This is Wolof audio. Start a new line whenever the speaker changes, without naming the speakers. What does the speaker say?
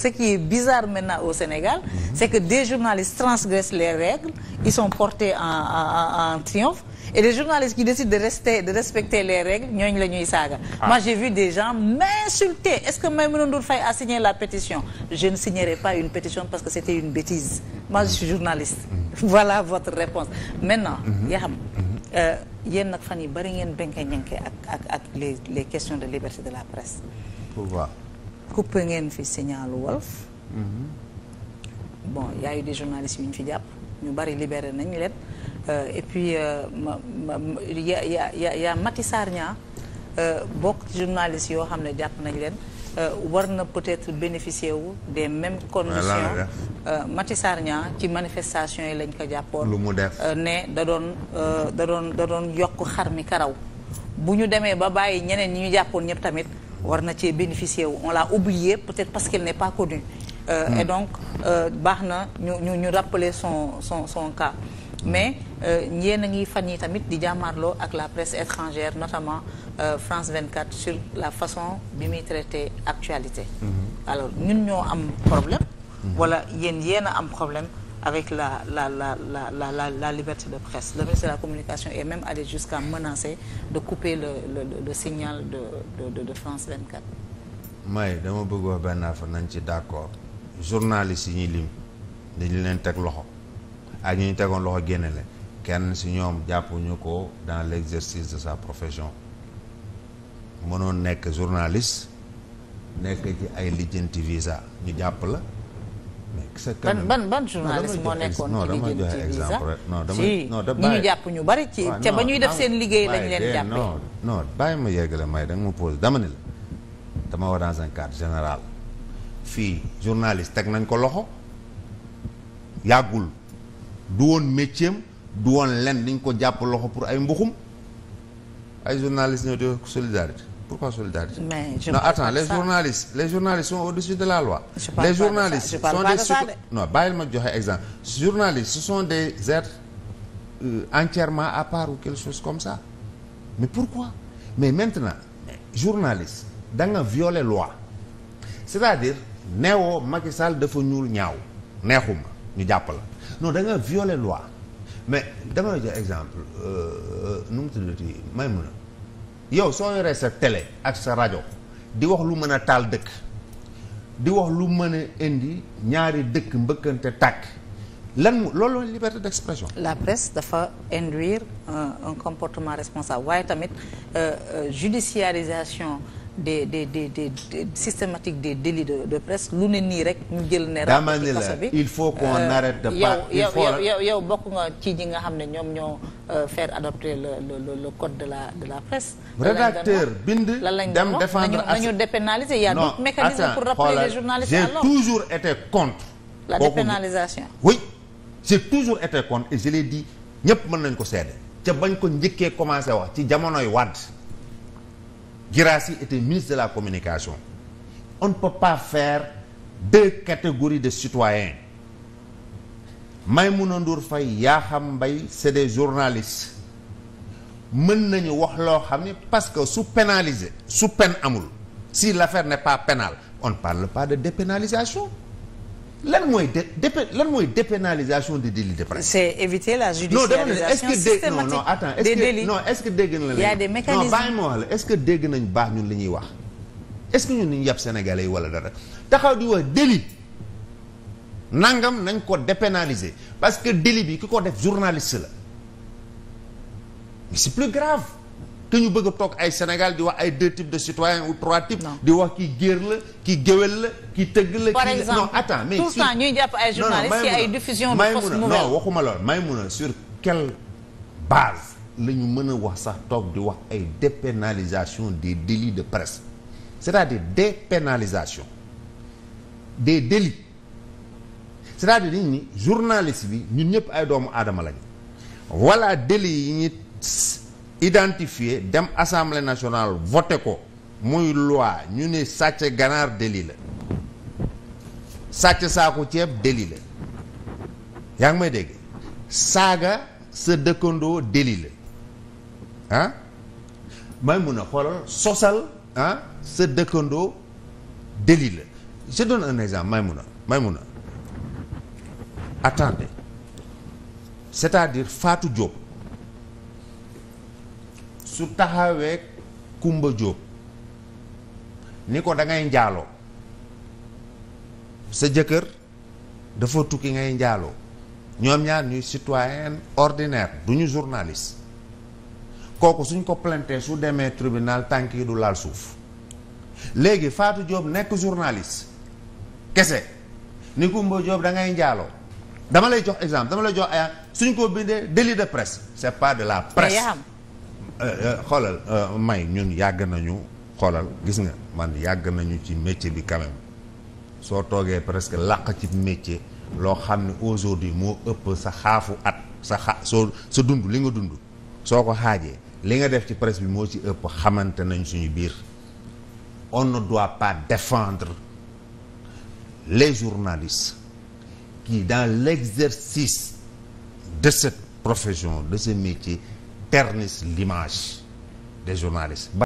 Ce qui est bizarre maintenant au Sénégal, mhm. c'est que des journalistes transgressent les règles, ils sont portés en, en, en, en triomphe, et les journalistes qui décident de rester, de respecter les règles, ñooñu la ñuy saaga. Ah. Moi, j'ai vu des gens m'insulter. Est-ce que Maïmouna Ndour Faye a signé la pétition? Je ne signerai pas une pétition parce que c'était une bêtise. Moi, je suis journaliste. Mhm. Voilà votre réponse. Maintenant, mhm. Yakham, euh, yéen nag fan yi bari ngeen benke ñenke ak ak ak les les questions de liberté de la presse. coupé ngeen fi signalu Walf mhm. bon y a eu yu ñu fi jàpp ñu bari libéré nañ leen euh, et puis euh, ma ma ya ya ya ya Mati bokk ci yoo xam ne jàpp nañ leen euh, war na peut-être bénéficier wu des mêmes conditions Mati Sarnia ci manifestation yi lañ ko jàppoon lu mu def ne da doon da doon da doon yokk xar mi karaw bu ñu demee ba bàyyi ñeneen ñi ñu jàppoon ñëpp tamit war na cee bénéficier wu on l'a oublié peut-être parce qu'elle ne pas connue euh, et hmm. donc euh, baax na ñu ñu ñu son son son cas hmm. mais yéen a ngi fan yi tamit di jàmmaarloo ak la presse étrangère notamment euh, France quatre sur la façon bi muy traiter actualité hmm. alors ñun ñoo am problème wala yéen yéen a am problème avec la la la la la la la liberté de presse la ministre de la communication est même allé jusqu'à menacer de couper le le le signal de de de France 24.
may dama bëgg wax benn affaire nañ ci d'accord journalistes yi ñuy lim dañu leen teg loxo ak ñu tegoon loxo génne leen kenn si ñoom jàppuñu ko dans l'exercice de sa profession mënoon nekk journaliste nekk ci ay lijjanti visa ñu jàpp la. ban ban ban journaliste moo nekkoon ci di jël ci visa non dama jàpp
ñu bari ci te ah, ba ñuy def seen liggéey lañ leen jàppee. non
non bàyyi ma yeggale may da ma pose dama ne la dama war dans un cadre général fii journaliste teg nañ ko loxo yàggul du woon métier du woon len dañ ko jàpp loxo pour ay mbuxum ay journaliste ñoo di solidarité Pourquoi solidarité mais je non attends les journalistes les journalistes sont au-dessus de la loi. les journalistes pas de ça. Je parle sont pas des de ça, ma joxe exemple journalistes ce des êtres euh, à part ou quelque chose comme ça mais pourquoi mais maintenant journaliste da nga violer loi c'est-à-dire neewoo Macky Sall dafa ñuul ñaaw neexuma ñu jàpp la non da nga violer loi mais dama la jox exemple euh, euh, nu mu tuddati may mun a yow soo yoree sa télé ak sa rajo di wax lu mën a taal dëkk di wax lu mën a indi ñaari dëkk mbëkkante tàkk lan loolu liberté d'expression.
la presse dafa induire un, un comportement responsable waaye tamit euh, euh, des des des des systématique des délits de de presse lu ne nii rek ñu jël ne. dama ni la il faut qu'on euh, arrête de. yow yow yow bokk nga ci ñi nga xam ne ñoom ñoo euh, fair adopter le le le code de la de la presse. rédacteur bind dem défendre as nañu dépénaliser il y a d'autres mécanismes pour rappeler les journalistes à l'ordre j'ai
toujours été contre. la dépénalisation oui j'ai toujours été contre et je l'ai dit ñëpp mën nañ ko seede. ca bañ ko njëkkee commencé wax ci jamonoy Wade. Guirassy était ministre de la communication on ne peut pas faire deux catégories de citoyens Maïmouna Ndour Faye Yakham mbay c'est des journalistes mën nañu wax loo xam ne parce que su pénaliser su peine amul si l'affaire n'est pas pénale on ne parle pas de dépénalisation lan mooy dépé lan mooy dépénalisation des délits de presse. c'est éviter la
judiciarisation systématique non
est-ce que dégg na non bàyyi ma wax la est-ce que dégg nañ baax ñun li ñuy wax. est-ce que ñun ñu yàpp sénégalais yi wala dara taxaw di wax délit nangam nañ ko dépénaliser parce que délit bi ki ko def journaliste la mais plus grave. te ñu bëgg toog ay Sénégal di wax ay deux types de citoyens ou trois types. di wax ki géer la ki géwél la ki tëgg la. par exemple non mais. tout ça
ñuy jàpp ay journalistes ci ay diffusion de fausses nouvelles non
waxuma lool Maïmouna sur quelle base la ñu mën a wax sax toog di wax ay dépénalisation des délits de presse c'est-à-dire dépénalisation des délits c'est-à-dire nit ñi bi ñun ñëpp ay doomu aadama lañu voilà délits yi ñuy. identifié dem assemblée nationale vote ko muy loi ñu ne sàcc ganaar délit la sàcc saaku ceeb délit yaa ngi may dégg saaga sa dëkkandoo délit la ah may mun a xoolal sosal ah sa dëkkandoo délit la je donne un exemple may mun a may mun a attendez c'est-à-dire Fatou Diop su taxawee Kumba Jóob ni ko da ngay njaaloo sa jëkkër dafa tukki ngay njaaloo ñoom ñaan ñuy citoyen ordinaire du ñu journaliste kooku suñ ko plainte su demee tribunal tànki du laal suuf léegi faatu jóob nekk journaliste kese ni Kumba Diop da ngay njaaloo dama lay jox exemple dama lay jox ay suñ ko bindee délit de presse c'est pas de la presse Eh, eh, xoolal eh, may ñun yàgg nañu xoolal gis nga man yàgg nañu ci métier bi quand soo toogee presque làq ci métier loo xam ne aujourd'hui moo ëpp sa xaafu at sa xa soo sa dund li nga dund soo ko xaajee li nga def ci presse bi moo ci ëpp xamante nañ suñu biir on ne doit pas défendre les journalistes qui dans l'exercice de cette profession de ce métier ternissent l'image des journalistes